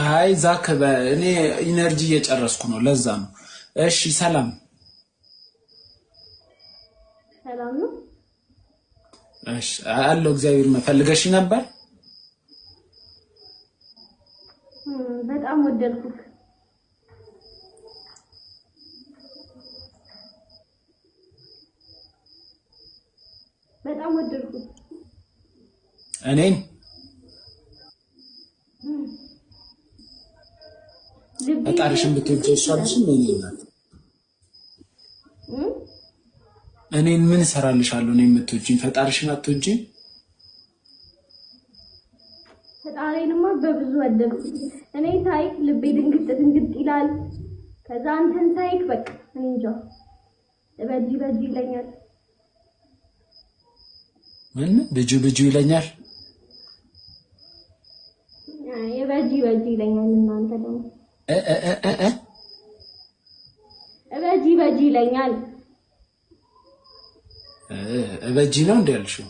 አይ ዛክ እኔ ኢነርጂ እየጨረስኩ ነው፣ ለዛ ነው። እሺ ሰላም ሰላም ነው። እሺ አለው እግዚአብሔር መፈልገሽ ነበር። በጣም ወደድኩ፣ በጣም ወደድኩ እኔን ፈጣሪሽን ብትወጂ ይሻልሽም እኔ ናት። እኔን ምን እሰራልሻለሁ? እኔ የምትወጂኝ ፈጣሪሽን አትወጂኝ? ፈጣሪንማ በብዙ ወደድኩ። እኔ ሳይክ ልቤ ድንግጥ ድንግጥ ይላል። ከዛ አንተን ሳይክ በቃ እኔ እንጃ በጅ በጅ ይለኛል። ምን ብጁ ብጁ ይለኛል? የበጅ በጂ ይለኛል። እናንተ ደግሞ እበጂ በጂ ይለኛል። እበጂ ነው እንደ ያልሽው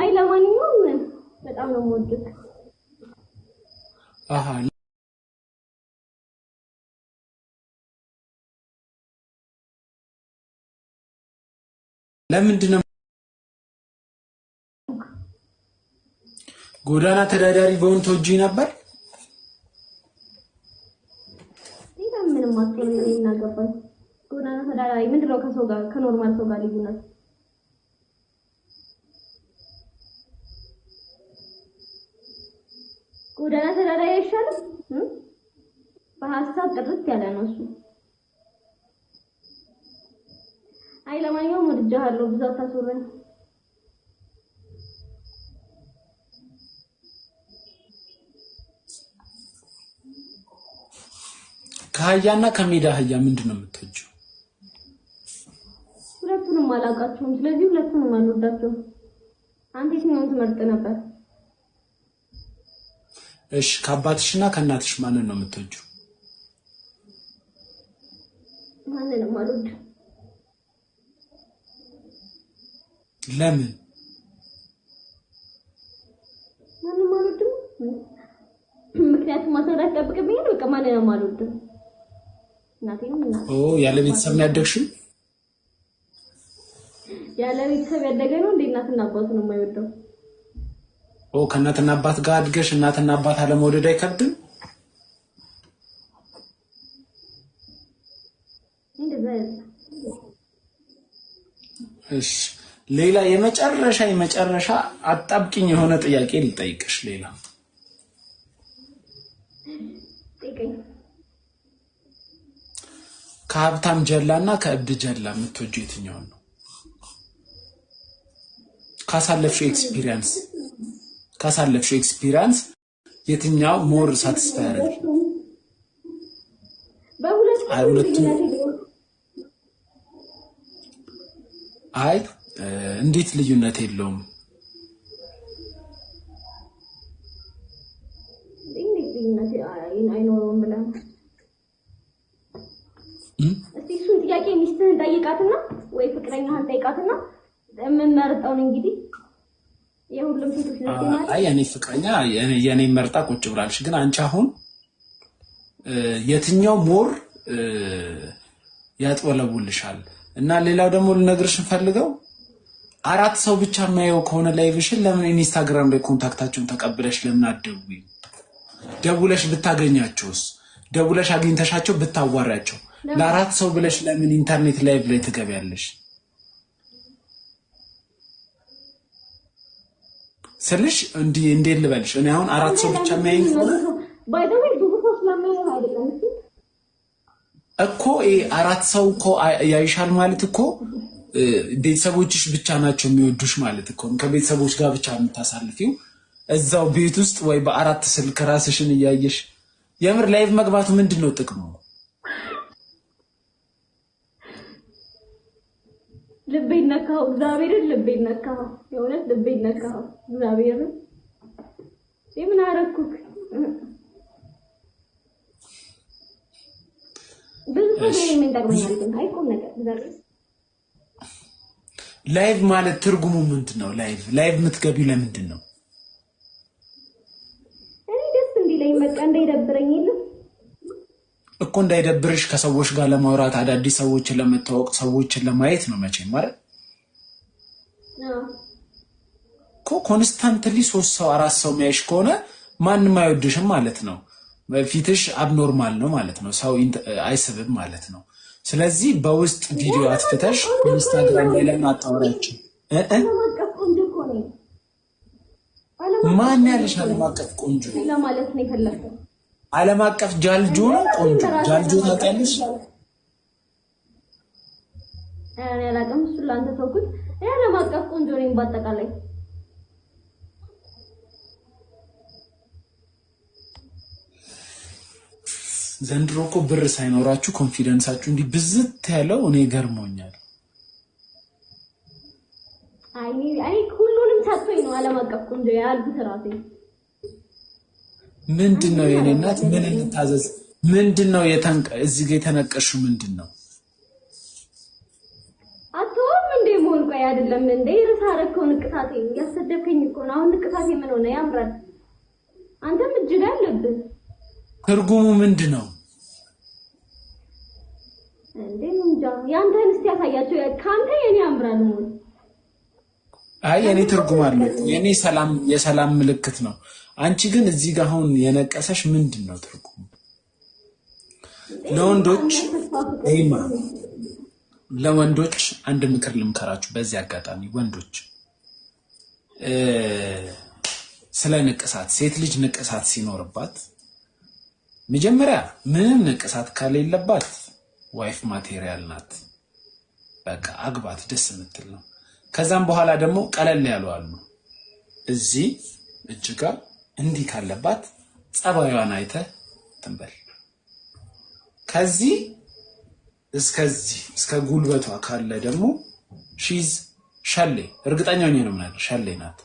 አይ ለማንኛውም በጣም ነው የምወድቅ ለምንድነው ጎዳና ተዳዳሪ በሆን ተወጂ ነበር? ሌላ ምንም ጎዳና ተዳዳሪ ምንድነው? ከሰው ጋር ከኖርማል ሰው ጋር ልዩነት ጎዳና ተዳዳሪ አይሻልም? በሀሳብ ጥርት ያለ ነው እሱ። አይለማየሁም ወድጃለሁ። ብዛት አስወረኝ። ከአህያና ከሜዳ አህያ ምንድን ነው የምትወጂው? ሁለቱንም አላውቃቸውም። ስለዚህ ሁለቱንም አልወዳቸውም። አንተ የትኛውን ትመርጥ ነበር? እሺ፣ ከአባትሽና ከእናትሽ ማንን ነው የምትወጂው? ማንንም አልወድም። ለምን ማንም አልወድም። ምክንያቱም ማሰራት ያጠብቅብኝ ነው። በቃ ማንንም አልወድም። ያለ ቤተሰብ ነው ያደግሽው? ያለ ቤተሰብ ያደገ ነው እንዴ እናትና አባቱ ነው የማይወደው። ኦ ከእናትና አባት ጋር አድገሽ እናትና አባት አለመውደድ አይከብድም? እንደዛ እሺ ሌላ የመጨረሻ የመጨረሻ አጣብቂኝ የሆነ ጥያቄ ልጠይቅሽ። ሌላ ከሀብታም ጀላ እና ከእብድ ጀላ የምትወጁ የትኛውን ነው? ካሳለፍሽው ኤክስፒሪየንስ ካሳለፍሽው ኤክስፒሪየንስ የትኛው ሞር ሳትስፋይ ያደርግ? አይ ሁለቱም አይ እንዴት ልዩነት የለውም? አይኖረውም ብለህ እሱን ጥያቄ ሚስትህን ጠይቃትና ወይ ፍቅረኛህን ጠይቃትና እንግዲህ የሁሉም ፍቅረኛ የኔ መርጣ ቁጭ ብላለች። ግን አንቺ አሁን የትኛው ሞር ያጥወለቡልሻል? እና ሌላው ደግሞ ልነግርሽ እንፈልገው አራት ሰው ብቻ የማየው ከሆነ ላይቭሽን ለምን ኢንስታግራም ላይ ኮንታክታቸውን ተቀብለሽ ለምን አትደውይም? ደውለሽ ብታገኛቸውስ? ደውለሽ አግኝተሻቸው ብታዋሪያቸው ለአራት ሰው ብለሽ ለምን ኢንተርኔት ላይቭ ላይ ትገቢያለሽ? ስልሽ እንዲህ እንዴት ልበልሽ? እኔ አሁን አራት ሰው ብቻ የሚያየኝ እኮ አራት ሰው እኮ ያይሻል ማለት እኮ ቤተሰቦችሽ ብቻ ናቸው የሚወዱሽ ማለት እኮ ከቤተሰቦች ጋር ብቻ የምታሳልፊው እዛው ቤት ውስጥ ወይ በአራት ስልክ ራስሽን እያየሽ የምር ላይቭ መግባቱ ምንድን ነው ጥቅሙ? ልቤን ነካው፣ እግዚአብሔርን ልቤ ነካው፣ የእውነት ልቤ ነካው፣ እግዚአብሔርን የምን አረኩክ ብዙ ሰው የሚጠቅመኛል ግን አይቆም ነገር እግዚአብሔር ላይቭ ማለት ትርጉሙ ምንድን ነው? ላይቭ ላይቭ የምትገቢው ለምንድን ነው? ደስ እንዲለኝ በቃ እንዳይደብረኝ እኮ እንዳይደብርሽ፣ ከሰዎች ጋር ለማውራት አዳዲስ ሰዎችን ለመታወቅ ሰዎችን ለማየት ነው መቼም ማለት እኮ። ኮንስታንትሊ ሶስት ሰው አራት ሰው የሚያይሽ ከሆነ ማንም አይወድሽም ማለት ነው። ፊትሽ አብኖርማል ነው ማለት ነው። ሰው አይስብም ማለት ነው። ስለዚህ በውስጥ ቪዲዮ አትፍተሽ ኢንስታግራም ላይ ለምን አታወሪያቸው? ማን ያለሽ ዓለም አቀፍ ቆንጆ ዓለም አቀፍ ጃልጆ ነው። ቆንጆ ጃልጆ ታውቂያለሽ? እኔ አላውቅም። እሱን ለአንተ ተውኩት። ዓለም አቀፍ ቆንጆ ነኝ በአጠቃላይ ዘንድሮ እኮ ብር ሳይኖራችሁ ኮንፊደንሳችሁ እንዲህ ብዝት ያለው እኔ ገርሞኛል። ሁሉንም ሰጥቶኝ ነው አለም አቀፍ ቁንጆ ያልኩት ራሴ። ምንድን ነው የኔ እናት፣ ምን እንታዘዝ? ምንድን ነው እዚህ ጋ የተነቀሹ? ምንድን ነው አቶም እንደ መሆን? ቆይ አይደለም እንደ ርሳ ንቅሳቴ እያሰደብከኝ እኮ ነው። አሁን ንቅሳቴ ምን ሆነ? ያምራል። አንተም እጅግ አለብህ። ትርጉሙ ምንድን ነው? አይ የኔ ትርጉም አለ። የኔ ሰላም የሰላም ምልክት ነው። አንቺ ግን እዚህ ጋር አሁን የነቀሰሽ ምንድን ነው ትርጉሙ? ለወንዶች ይማ ለወንዶች አንድ ምክር ልምከራችሁ። በዚህ አጋጣሚ ወንዶች ስለ ንቅሳት፣ ሴት ልጅ ንቅሳት ሲኖርባት መጀመሪያ ምንም ንቅሳት ከሌለባት ዋይፍ ማቴሪያል ናት። በቃ አግባት፣ ደስ የምትል ነው። ከዛም በኋላ ደግሞ ቀለል ያሉ አሉ። እዚህ እጅጋ እንዲህ ካለባት ጸባዩዋን አይተህ ትንበል። ከዚህ እስከዚህ እስከ ጉልበቷ ካለ ደግሞ ሺዝ ሸሌ፣ እርግጠኛ ነው የምናገር ሸሌ ናት።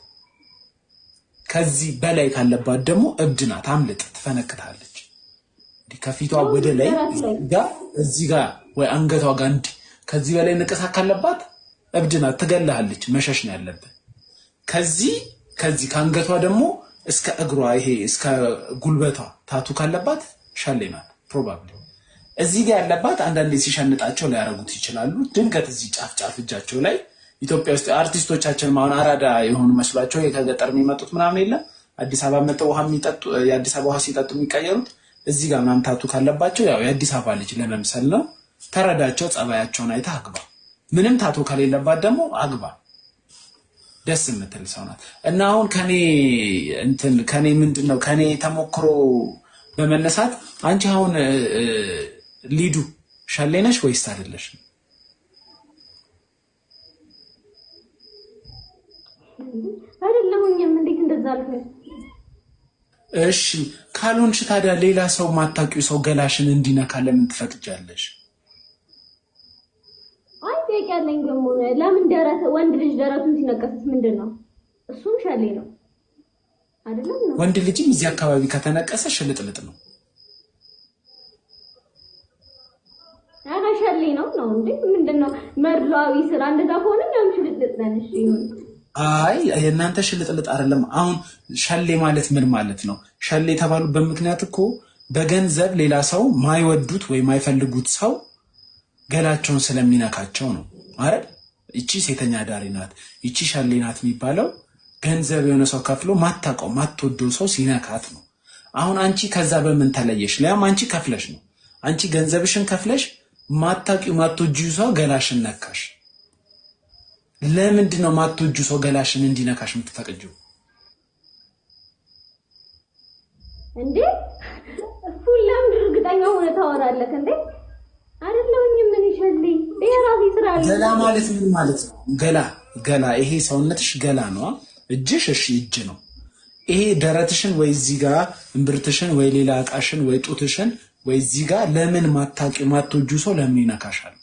ከዚህ በላይ ካለባት ደግሞ እብድ ናት። አምልጥ፣ ትፈነክታለች። ከፊቷ ወደ ላይ ጋ እዚህ ጋ ወይ አንገቷ ጋ እንዲህ ከዚህ በላይ ንቅሳት ካለባት እብድ ናት፣ ትገልሃለች። መሸሽ ነው ያለብን። ከዚህ ከዚህ ከአንገቷ ደግሞ እስከ እግሯ ይሄ እስከ ጉልበቷ ታቱ ካለባት ሻሌ ናት ፕሮባብሊ። እዚህ ጋ ያለባት አንዳንዴ ሲሸንጣቸው ሊያደርጉት ይችላሉ። ድንገት እዚህ ጫፍ ጫፍ እጃቸው ላይ ኢትዮጵያ ውስጥ አርቲስቶቻችን አሁን አራዳ የሆኑ መስሏቸው ከገጠር የሚመጡት ምናምን የለም አዲስ አበባ መጠው ውሃ የሚጠጡ የአዲስ አበባ ውሃ ሲጠጡ የሚቀየሩት እዚህ ጋር ማምታቱ ካለባቸው ያው የአዲስ አበባ ልጅ ለመምሰል ነው። ተረዳቸው፣ ጸባያቸውን አይታ አግባ። ምንም ታቶ ከሌለባት ደግሞ አግባ። ደስ የምትል ሰው ናት እና አሁን ከኔ እንትን ከኔ ምንድን ነው ከኔ ተሞክሮ በመነሳት አንቺ አሁን ሊዱ ሸሌ ነሽ ወይስ አይደለሽ? አይደለሁኝም። እንዴት እንደዛ አልኩኝ? እሺ ካልሆንሽ ታዲያ ሌላ ሰው ማታውቂው ሰው ገላሽን እንዲነካ ለምን ትፈቅጃለሽ? አይ ጠይቂያለኝ ደግሞ ለምን ደረሰ ወንድ ልጅ ደረቱን ሲነቀስስ ምንድን ነው? እሱም ሸሌ ነው አይደለም? ወንድ ልጅም እዚህ አካባቢ ከተነቀሰ ሽልጥልጥ ነው። ኧረ ሸሌ ነው ነው እንዴ? ምንድን ነው መድሏዊ ስራ እንደዛ ከሆነ ለምን ሽልጥልጥ ነን? እሺ አይ የእናንተ ሽልጥልጥ አይደለም። አሁን ሸሌ ማለት ምን ማለት ነው? ሸሌ የተባሉበት ምክንያት እኮ በገንዘብ ሌላ ሰው ማይወዱት ወይ ማይፈልጉት ሰው ገላቸውን ስለሚነካቸው ነው። አረ ይቺ ሴተኛ አዳሪ ናት፣ ይቺ ሸሌ ናት የሚባለው ገንዘብ የሆነ ሰው ከፍሎ ማታውቀው ማትወደው ሰው ሲነካት ነው። አሁን አንቺ ከዛ በምን ተለየሽ? ሊያም አንቺ ከፍለሽ ነው። አንቺ ገንዘብሽን ከፍለሽ ማታውቂው ማትወጂው ሰው ገላሽን ነካሽ። ለምንድን ነው ማትወጁ ሰው ገላሽን እንዲነካሽ የምትፈቅጁ? እንዴ እሱን ለምን እርግጠኛ ሆነ ታወራለህ እንዴ? አይደለሁኝ ምን ይሸልኝ የራሴ ስራ ገላ ማለት ምን ማለት ነው? ገላ ገላ ይሄ ሰውነትሽ ገላ ነው። እጅሽ እሺ እጅ ነው። ይሄ ደረትሽን ወይ እዚህ ጋር እምብርትሽን ወይ ሌላ እቃሽን ወይ ጡትሽን ወይ እዚህ ጋር ለምን ማታቂ ማትወጁ ሰው ለምን ይነካሻል?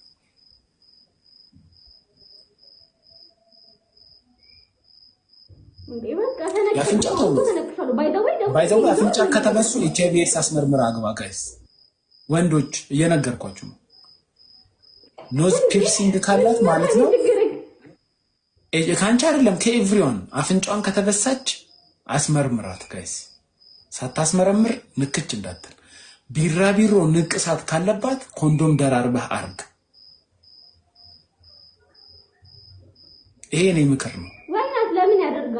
የአፍንጫ አፍንጫ ከተነሱ ኤች አይ ቪ ኤድስ አግባ። ጋይስ ወንዶች እየነገርኳችሁ ነው። ኖዝ ፒርሲንግ ካላት ማለት ነው ከአንቺ አይደለም ከኤቭሪዋን አፍንጫዋን ከተበሳች አስመርምራት ጋይስ። ሳታስመረምር ንክች እንዳትል። ቢራቢሮ ንቅሳት ካለባት ኮንዶም ደራርበህ አርግ። ይሄ እኔ ምክር ነው።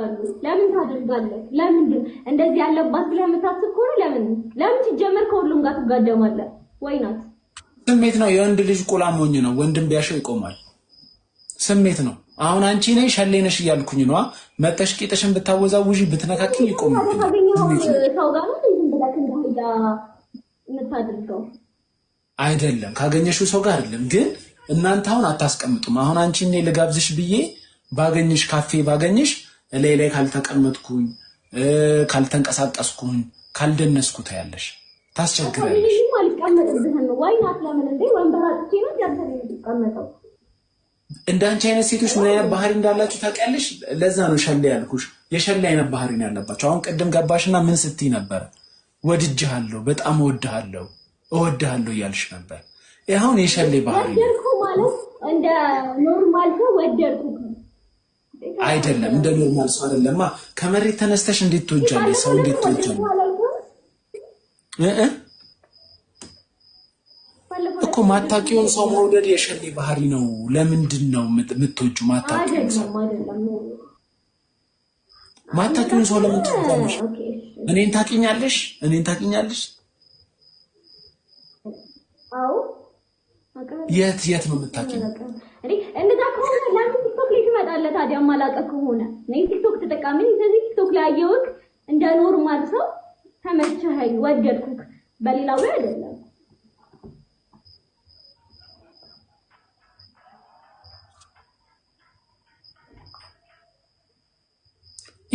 ያደርጋሉ? ለምን ታደርጋለህ? ለምንድን እንደዚህ ያለባት ስለምታስብ ከሆነ ለምን ለምን ሲጀመር ከሁሉም ጋር ትጋደማለህ ወይ? ናት ስሜት ነው። የወንድ ልጅ ቁላ ሞኝ ነው። ወንድም ቢያሸው ይቆማል። ስሜት ነው። አሁን አንቺ ነኝ ሸሌ ነሽ እያልኩኝ ነዋ። መጠሽ ቂጥሽን ብታወዛውዢ ብትነካክኝ ይቆም ሰው ጋር አይደለም። ካገኘሽው ሰው ጋር አይደለም። ግን እናንተ አሁን አታስቀምጡም። አሁን አንቺ እኔ ልጋብዝሽ ብዬ ባገኝሽ ካፌ ባገኝሽ እላይ ላይ ካልተቀመጥኩኝ ካልተንቀሳቀስኩኝ ካልደነስኩ ታያለሽ፣ ታስቸግራለሽ። እንደ አይነት ሴቶች ምን አይነት ባህሪ እንዳላችሁ ታውቂያለሽ። ለዛ ነው ሸሌ ያልኩሽ። የሸሌ አይነት ባህሪ ነው ያለባቸው። አሁን ቅድም ገባሽና ምን ስትይ ነበር? ወድጅሃለሁ፣ በጣም እወድሃለሁ፣ እወድሃለሁ እያልሽ ነበር። አሁን የሸሌ ባህሪ ነው። እንደ ኖርማል ወደድኩ አይደለም እንደ ኖርማል ሰው አይደለማ። ከመሬት ተነስተሽ እንዴት ትወጃለሽ? ሰው እንዴት ትወጃለሽ? እኮ ማታቂውን ሰው መውደድ የሸኔ ባህሪ ነው። ለምንድን ነው የምትወጁ? ማታውቂውን ሰው ማታቂውን ሰው ለምን ትወጃለሽ? እኔን ታቂኛለሽ? እኔን ታውቂኛለሽ? የት የት ነው ለምን አለ ታዲያ ማላቀ ከሆነ እኔ ቲክቶክ ተጠቃሚ ነኝ። ስለዚህ ቲክቶክ ላይ አየሁት እንደ ኖርማል ሰው ተመቸኸኝ፣ ወደድኩክ በሌላው ላይ አይደለም።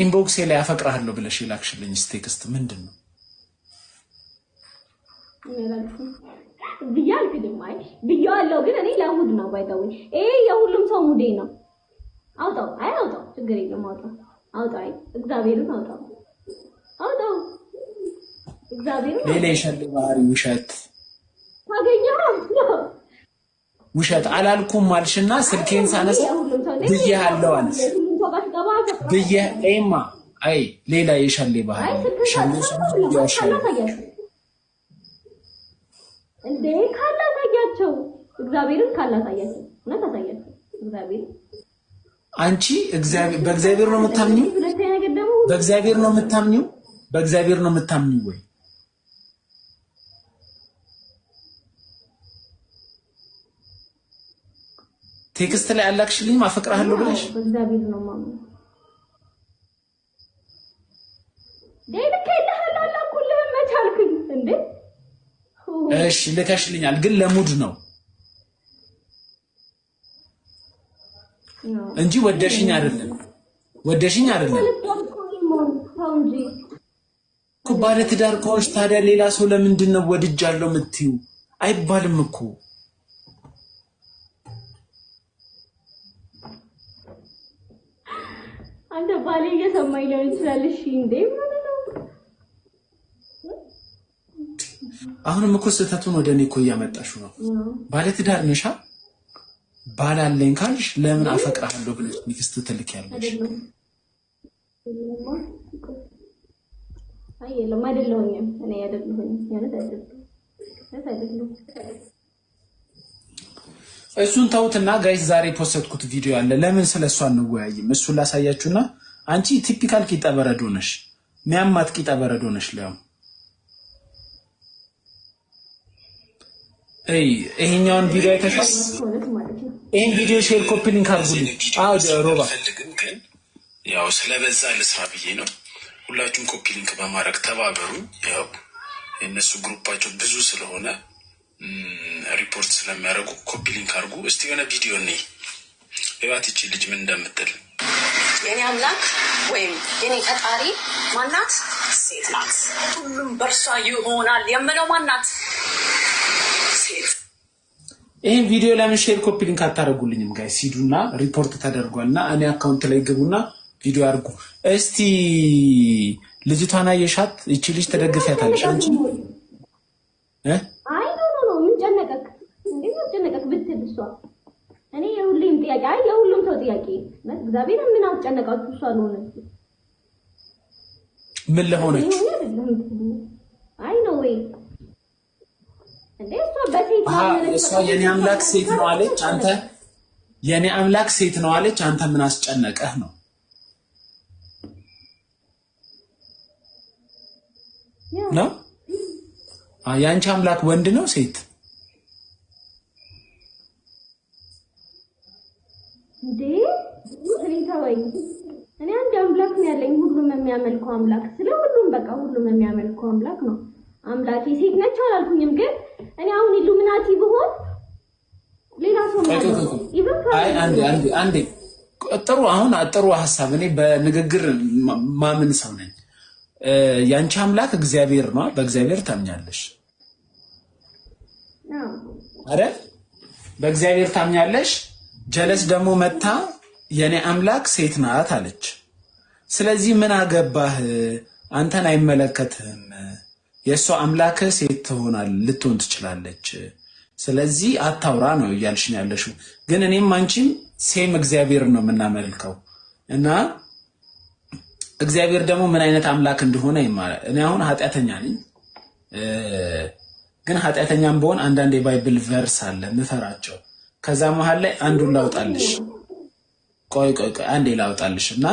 ኢንቦክስ ላይ አፈቅርሃለሁ ብለሽ ይላክሽልኝ ቴክስት ምንድን ነው? ብዬ አልክድም። አይ ብዬዋለሁ፣ ግን እኔ ለእሑድ ነው ባይተውኝ። ይሄ የሁሉም ሰው ሙዴ ነው። አውጣው። አይ አውጣው፣ ችግር የለም አውጣው፣ አውጣው። አይ እግዚአብሔርን አውጣው፣ አውጣው፣ እግዚአብሔርን። ሌላ የሸል ባህሪ ውሸት ታገኘው ውሸት አላልኩም አልሽና ስልኬን ሳነሳ ብዬሽ አለው አለሽ ብዬሽ ኤማ አይ ሌላ የሻሌ ባህሪ ሸሌ ሸሌ እንዴ ካላሳያቸው እግዚአብሔርን ካላሳያቸው እውነት አሳያቸው እግዚአብሔር አንቺ በእግዚአብሔር ነው የምታምኚው? በእግዚአብሔር ነው የምታምኚው? በእግዚአብሔር ነው የምታምኚው ወይ? ቴክስት ላይ አላክሽልኝም አፈቅርሃለሁ ብለሽ እሺ ልከሽልኛል፣ ግን ለሙድ ነው እንጂ ወደሽኝ አይደለም፣ ወደሽኝ አይደለም እኮ። ባለ ትዳር ከሆንሽ ታዲያ ሌላ ሰው ለምንድን ነው ወድጃለሁ የምትይው? አይባልም እኮ አንተ ባሌ እየሰማኝ ሊሆን ይችላል። እሺ እንዴ አሁንም እኮ ስህተቱን ወደ እኔ እኮ እያመጣሹ ነው። ባለ ትዳር ነሻ ባላለኝ ካልሽ ለምን አፈቅርሃለሁ ብለሽ ንግስት ትልክ ያለሽ እሱን ተውትና ጋይስ ዛሬ ፖስትኩት ቪዲዮ አለ። ለምን ስለ እሷ አንወያይም? እሱን ላሳያችሁና አንቺ ቲፒካል ቂጠ በረዶ ነሽ፣ ሚያማት ቂጠ በረዶ ነሽ ሊያውም ይሄኛውን ቪዲዮ አይተሻል? ይህን ቪዲዮ ሼር ኮፒ ሊንክ አድርጉልኝ። ሮባ ግን ያው ስለበዛ ልስራ ብዬ ነው። ሁላችሁም ኮፒ ሊንክ በማድረግ ተባበሩ። ያው የእነሱ ግሩፓቸው ብዙ ስለሆነ ሪፖርት ስለሚያደርጉ ኮፒ ሊንክ አድርጉ። እስቲ የሆነ ቪዲዮ እኔ እባት ይቺ ልጅ ምን እንደምትል የኔ አምላክ ወይም የኔ ፈጣሪ ማናት? ሴት ናት። ሁሉም በእርሷ ይሆናል የምለው ማናት ይህን ቪዲዮ ለምን ሼር ኮፒ ሊንክ አታደርጉልኝም? ጋይ ሲዱና ሪፖርት ተደርጓል እና እኔ አካውንት ላይ ግቡና ቪዲዮ አድርጉ። እስቲ ልጅቷን አየሻት? ይቺ ልጅ ተደግፊያታለሽ አንቺ እኔ የሁሌም ጥያቄ አይ የሁሉም ሰው ጥያቄ እግዚአብሔር ምን አስጨነቃችሁ? እሷ ለሆነች ምን ለሆነች አይ ነው ወይ እሷ የኔ አምላክ ሴት ነው አለች። አንተ የኔ አምላክ ሴት ነው አለች። አንተ ምን አስጨነቀህ ነው? ነው የአንቺ አምላክ ወንድ ነው ሴት? እንዴ እኔ አንድ አምላክ ነው ያለኝ፣ ሁሉም የሚያመልከው አምላክ ስለ ሁሉም በቃ ሁሉም የሚያመልከው አምላክ ነው አምላኬ ሴት ነች አላልኩኝም፣ ግን እኔ አሁን ኢሉሚናቲ ብሆን ሌላ ሰው አይ አንዴ አንዴ አንዴ ጥሩ አሁን አጥሩ ሀሳብ። እኔ በንግግር ማምን ሰው ነኝ። ያንቺ አምላክ እግዚአብሔር ነው። በእግዚአብሔር ታምኛለሽ አይደል? በእግዚአብሔር ታምኛለሽ። ጀለስ ደግሞ መታ የኔ አምላክ ሴት ናት አለች። ስለዚህ ምን አገባህ? አንተን አይመለከትህም የእሷ አምላከ ሴት ትሆናል ልትሆን ትችላለች። ስለዚህ አታውራ ነው እያልሽን ያለሽው። ግን እኔም አንቺም ሴም እግዚአብሔር ነው የምናመልከው እና እግዚአብሔር ደግሞ ምን አይነት አምላክ እንደሆነ ይማራል። እኔ አሁን ኃጢአተኛ ነኝ፣ ግን ኃጢአተኛም በሆን አንዳንድ የባይብል ቨርስ አለ ምፈራቸው። ከዛ መሀል ላይ አንዱን ላውጣልሽ። ቆይ ቆይ ቆይ አንዴ ላውጣልሽ እና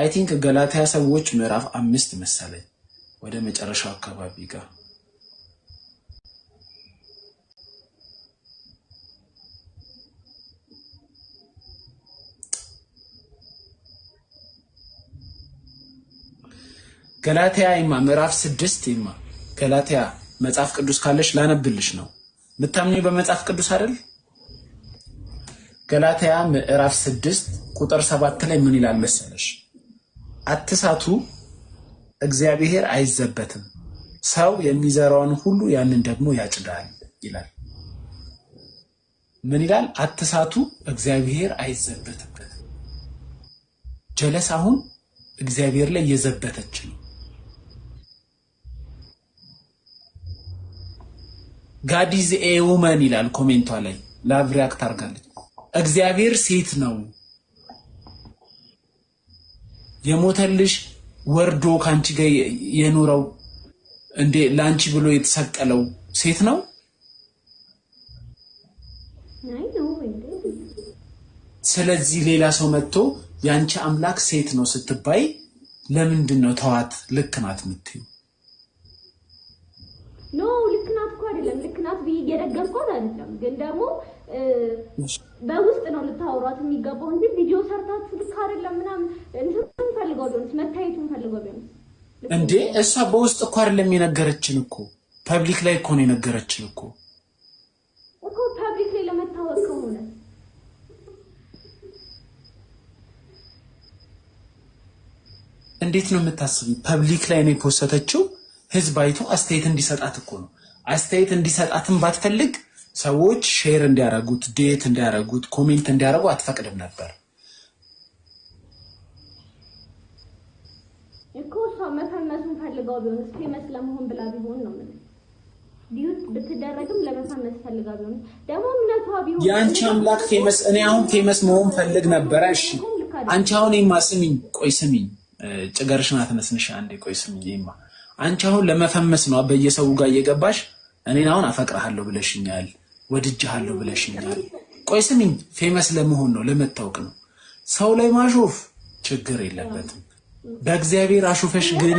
አይ ቲንክ ገላትያ ሰዎች ምዕራፍ አምስት መሰለኝ ወደ መጨረሻው አካባቢ ጋር ገላትያ ይማ ምዕራፍ ስድስት ይማ ገላትያ መጽሐፍ ቅዱስ ካለሽ ላነብልሽ ነው። የምታምኚው በመጽሐፍ ቅዱስ አይደል? ገላትያ ምዕራፍ ስድስት ቁጥር ሰባት ላይ ምን ይላል መሰለሽ? አትሳቱ እግዚአብሔር አይዘበትም፣ ሰው የሚዘራውን ሁሉ ያንን ደግሞ ያጭዳል ይላል። ምን ይላል? አትሳቱ፣ እግዚአብሔር አይዘበትበትም። ጀለስ አሁን እግዚአብሔር ላይ የዘበተች ነው። ጋዲዝ ኤ ውመን ይላል ኮሜንቷ ላይ ሪያክት አርጋለች እግዚአብሔር ሴት ነው የሞተልሽ ወርዶ ከአንቺ ጋር የኖረው እንዴ ለአንቺ ብሎ የተሰቀለው ሴት ነው? ስለዚህ ሌላ ሰው መጥቶ የአንቺ አምላክ ሴት ነው ስትባይ ለምንድን ነው ተዋት፣ ልክ ናት የምትይው? ኖ ልክ ናት እኮ አይደለም። ልክ ናት ብዬ እየደገምኳት አይደለም፣ ግን ደግሞ በውስጥ ነው ልታወሯት የሚገባው እንጂ ቪዲዮ ሰርታችሁ ልክ አይደለም ምናምን እንትን ፈልገው ቢሆንስ መታየቱን ፈልገው ቢሆንስ እንዴ? እሷ በውስጥ እኮ አይደለም የነገረችን እኮ ፐብሊክ ላይ እኮ ነው የነገረችን እኮ እኮ ፐብሊክ ላይ ለመታወቅ ከሆነ እንዴት ነው የምታስብ? ፐብሊክ ላይ ነው የፖሰተችው። ህዝብ አይቶ አስተያየት እንዲሰጣት እኮ ነው። አስተያየት እንዲሰጣትን ባትፈልግ ሰዎች ሼር እንዲያረጉት ዴት እንዲያረጉት ኮሜንት እንዲያረጉ አትፈቅድም ነበር እኮ እሷ መሳነሱን ፈልጋው ቢሆን ፌመስ ለመሆን ብላ ቢሆን ነው ምን ብትደረግም ለመሳነስ ፈልጋ ቢሆን ደግሞ እምነቷ ቢሆን የአንቺ አምላክ ፌመስ እኔ አሁን ፌመስ መሆን ፈልግ ነበረ እሺ አንቺ አሁን ይማ ስሚኝ ቆይ ስሚኝ ጭገርሽን አትነስንሽ አንዴ ቆይ ስሚኝ ይማ አንቺ አሁን ለመፈመስ ነው በየሰው ጋር እየገባሽ እኔን አሁን አፈቅርሃለሁ ብለሽኛል ወድጃሃለሁ ብለሽኛል። ቆይ ስሚኝ፣ ፌመስ ለመሆን ነው ለመታወቅ ነው። ሰው ላይ ማሾፍ ችግር የለበትም። በእግዚአብሔር አሹፈሽ ግን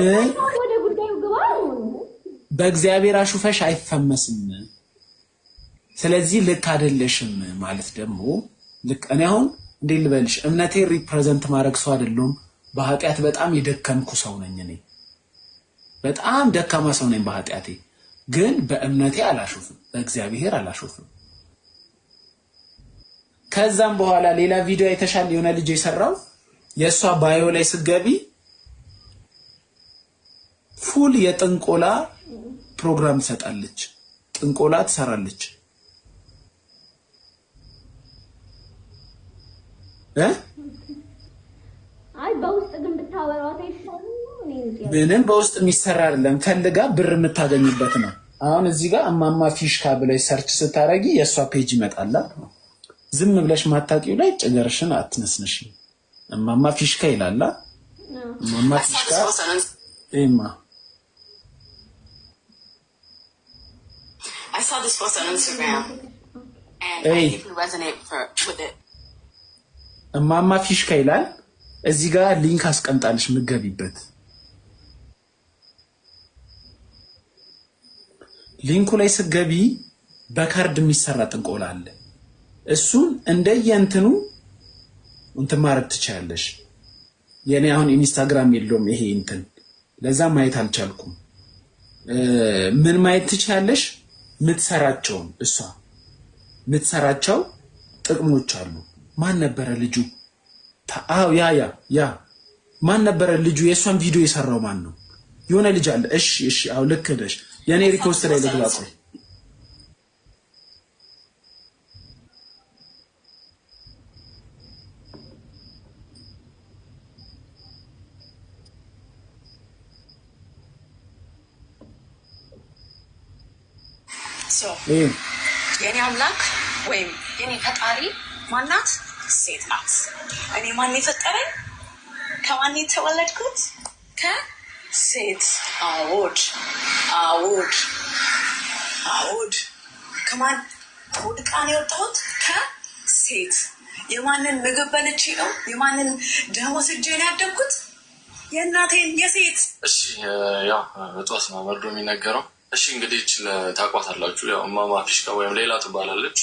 በእግዚአብሔር አሹፈሽ አይፈመስም። ስለዚህ ልክ አይደለሽም ማለት ደግሞ ልክ እኔ አሁን እንዴ ልበልሽ፣ እምነቴ ሪፕሬዘንት ማድረግ ሰው አይደለሁም። በኃጢአት በጣም የደከምኩ ሰው ነኝ። እኔ በጣም ደካማ ሰው ነኝ በኃጢአቴ ግን በእምነቴ አላሾፍም፣ በእግዚአብሔር አላሾፍም። ከዛም በኋላ ሌላ ቪዲዮ አይተሻል። የሆነ ልጅ የሰራው የእሷ ባዮ ላይ ስገቢ ፉል የጥንቆላ ፕሮግራም ትሰጣለች፣ ጥንቆላ ትሰራለች። አይ በውስጥ ግን ብታወራት አይሻልም? ምንም በውስጥ የሚሰራ አይደለም። ፈልጋ ብር የምታገኝበት ነው። አሁን እዚህ ጋር እማማ ፊሽካ ብለሽ ሰርች ስታደርጊ የእሷ ፔጅ ይመጣላት። ዝም ብለሽ ማታቂው ላይ ጭገርሽን አትነስንሽ። እማማ ፊሽካ ይላላ። እማማ ፊሽካ ይማ እማማ ፊሽካ ይላል። እዚህ ጋር ሊንክ አስቀምጣለች ምገቢበት ሊንኩ ላይ ስገቢ በካርድ የሚሰራ ጥንቆላ አለ። እሱን እንደየእንትኑ እንትን ማድረግ ትችላለሽ። የኔ አሁን ኢንስታግራም የለውም ይሄ እንትን፣ ለዛ ማየት አልቻልኩም። ምን ማየት ትችላለሽ? ምትሰራቸውን እሷ ምትሰራቸው ጥቅሞች አሉ። ማን ነበረ ልጁ? ያ ያ ያ ማን ነበረ ልጁ? የእሷን ቪዲዮ የሰራው ማን ነው? የሆነ ልጅ አለ። እሺ እሺ፣ አዎ ልክ ነሽ። የእኔ ሪኮርስ ላይ ልግባ። ቆይ የእኔ አምላክ ወይም የኔ ፈጣሪ ማናት? ሴት ናት። እኔ ማን የፈጠረኝ? ከማን የተወለድኩት? ከ ሴት አዎድ አዎድ አዎድ ከማን ውድቃን የወጣሁት ከሴት የማንን ምግብ በልቼ ነው? የማንን ደሞ እጄ ነው ያደግኩት? የእናቴን የሴት። እሺ ያው እጧት ነው መርዶ የሚነገረው። እሺ እንግዲህ ታውቋታላችሁ። ያው እማማ ፊሽካ ወይም ሌላ ትባላለች።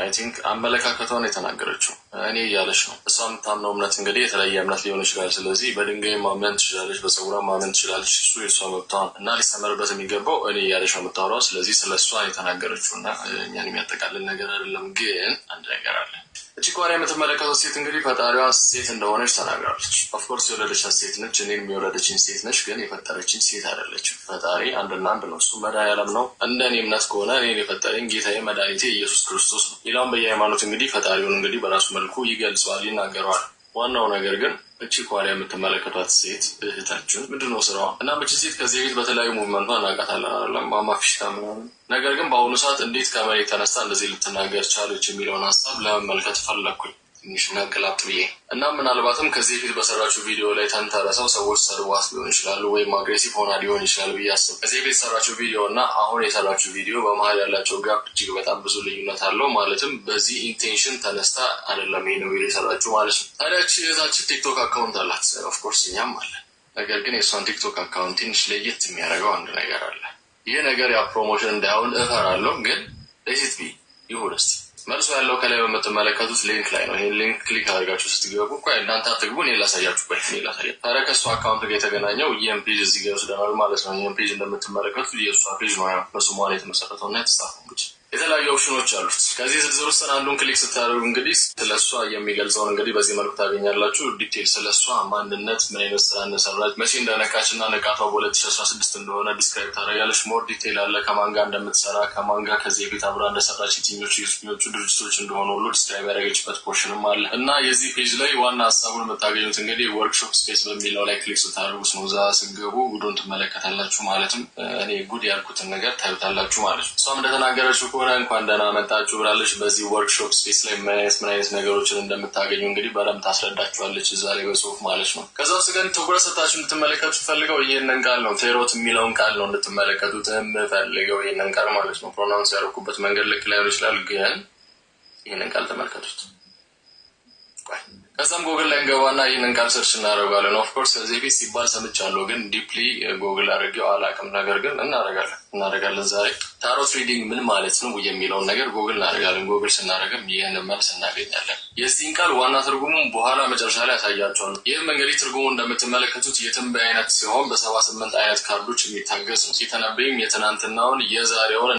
አይ ቲንክ አመለካከቷን የተናገረችው እኔ እያለች ነው። እሷ የምታምነው እምነት እንግዲህ የተለያየ እምነት ሊሆን ይችላል። ስለዚህ በድንጋይ ማመን ትችላለች፣ በፀጉራ ማመን ትችላለች። እሱ የእሷ መብቷ እና ሊሰመርበት የሚገባው እኔ እያለች ነው የምታወራው። ስለዚህ ስለ እሷ የተናገረችው እና እኛን የሚያጠቃልል ነገር አይደለም። ግን አንድ ነገር አለ እቺ ኳር የምትመለከተው ሴት እንግዲህ ፈጣሪዋ ሴት እንደሆነች ተናግራለች። ኦፍኮርስ የወለደቻት ሴት ነች፣ እኔም የወለደችኝ ሴት ነች። ግን የፈጠረችኝ ሴት አይደለች። ፈጣሪ አንድና አንድ ነው፣ እሱ መድኃኒዓለም ነው። እንደ እኔ እምነት ከሆነ እኔን የፈጠረኝ ጌታዬ መድኃኒቴ ኢየሱስ ክርስቶስ ነው። ሌላውን በየሃይማኖት እንግዲህ ፈጣሪውን እንግዲህ በራሱ መልኩ ይገልጸዋል፣ ይናገረዋል። ዋናው ነገር ግን እቺ ኳላ የምትመለከቷት ሴት እህታችን ምንድን ነው ስራዋ? እና ምች ሴት ከዚህ በፊት በተለያዩ ሙቭመንቷ እናውቃታለን አለም ማማ ፊሽታ ምናምን። ነገር ግን በአሁኑ ሰዓት እንዴት ከመሬት ተነስታ እንደዚህ ልትናገር ቻለች የሚለውን ሀሳብ ለመመልከት ፈለግኩኝ። ሚሽን አቀላጥ ብዬ እና ምናልባትም ከዚህ ፊት በሰራችው ቪዲዮ ላይ ተንተረሰው ሰዎች ሰድቧት ሊሆን ይችላሉ፣ ወይም አግሬሲቭ ሆና ሊሆን ይችላል ብዬ አስብ። ከዚህ ፊት የሰራችው ቪዲዮ እና አሁን የሰራችው ቪዲዮ በመሀል ያላቸው ጋር እጅግ በጣም ብዙ ልዩነት አለው። ማለትም በዚህ ኢንቴንሽን ተነስታ አይደለም ይህ ነው የሰራችው ማለት ነው። ታዲያች የዛችን ቲክቶክ አካውንት አላት፣ ኦፍኮርስ እኛም አለ። ነገር ግን የእሷን ቲክቶክ አካውንት ትንሽ ለየት የሚያደርገው አንድ ነገር አለ። ይህ ነገር ያ ፕሮሞሽን እንዳይሆን እፈራለሁ፣ ግን ለሴት ቢ ይሁን እስኪ መልሶ ያለው ከላይ በምትመለከቱት ሊንክ ላይ ነው። ይህን ሊንክ ክሊክ አድርጋችሁ ስትገቡ እኮ እናንተ አትግቡ፣ እኔ ላሳያችሁ በፊት እኔ ላሳያችሁ። ታዲያ ከእሱ አካውንት ጋር የተገናኘው ይህን ፔጅ እዚህ ጋር ይወስደናል ማለት ነው። ይህን ፔጅ እንደምትመለከቱት የእሷ ፔጅ ነው፣ በስሟ ላይ የተመሰረተው እና የተጻፈው የተለያዩ ኦፕሽኖች አሉት። ከዚህ ዝርዝር ውስጥ አንዱን ክሊክ ስታደርጉ እንግዲህ ስለሷ የሚገልጸውን እንግዲህ በዚህ መልኩ ታገኛላችሁ። ዲቴል ስለሷ ማንነት፣ ምን አይነት ስራ እንደሰራች፣ መቼ እንደነቃች እና ንቃቷ በ2016 እንደሆነ ዲስክራይብ ታደርጋለች። ሞር ዲቴል አለ። ከማን ጋር እንደምትሰራ፣ ከማን ጋር ከዚህ በፊት አብራ እንደሰራች፣ የትኞቹ የትኞቹ ድርጅቶች እንደሆነ ሁሉ ዲስክራይብ ያደረገችበት ፖርሽንም አለ እና የዚህ ፔጅ ላይ ዋና ሀሳቡን የምታገኙት እንግዲህ ወርክሾፕ ስፔስ በሚለው ላይ ክሊክ ስታደርጉት ነው። እዛ ስገቡ ጉዶን ትመለከታላችሁ። ማለትም እኔ ጉድ ያልኩትን ነገር ታዩታላችሁ ማለት ነው። እሷም እንደተናገረችው ዲያስፖራ እንኳን ደህና መጣችሁ ብላለች። በዚህ ወርክሾፕ ስፔስ ላይ ምን አይነት ምን አይነት ነገሮችን እንደምታገኙ እንግዲህ በደምብ ታስረዳችኋለች እዛ ላይ በጽሁፍ ማለት ነው። ከዛ ውስጥ ግን ትኩረት ሰታችሁ እንድትመለከቱ ፈልገው ይህንን ቃል ነው ቴሮት የሚለውን ቃል ነው እንድትመለከቱት የምፈልገው ይህንን ቃል ማለት ነው። ፕሮናውንስ ያደረኩበት መንገድ ልክ ላይሆን ይችላል፣ ግን ይህንን ቃል ተመልከቱት። ከዛም ጎግል ላይ እንገባና ይህንን ቃል ሰርች እናደርጋለን። ኦፍኮርስ ከዚህ ፊት ሲባል ሰምቻለሁ፣ ግን ዲፕሊ ጎግል አድርጌው አላውቅም። ነገር ግን እናደርጋለን እናደርጋለን። ዛሬ ታሮት ሪዲንግ ምን ማለት ነው የሚለውን ነገር ጎግል እናደርጋለን። ጎግል ስናደርግም ይህን መልስ እናገኛለን። የዚህን ቃል ዋና ትርጉሙም በኋላ መጨረሻ ላይ ያሳያቸዋል ይህም እንግዲህ ትርጉሙ እንደምትመለከቱት የትንበያ አይነት ሲሆን በሰባ ስምንት አይነት ካርዶች የሚታገስ ነው። ሲተነበይም የትናንትናውን የዛሬውን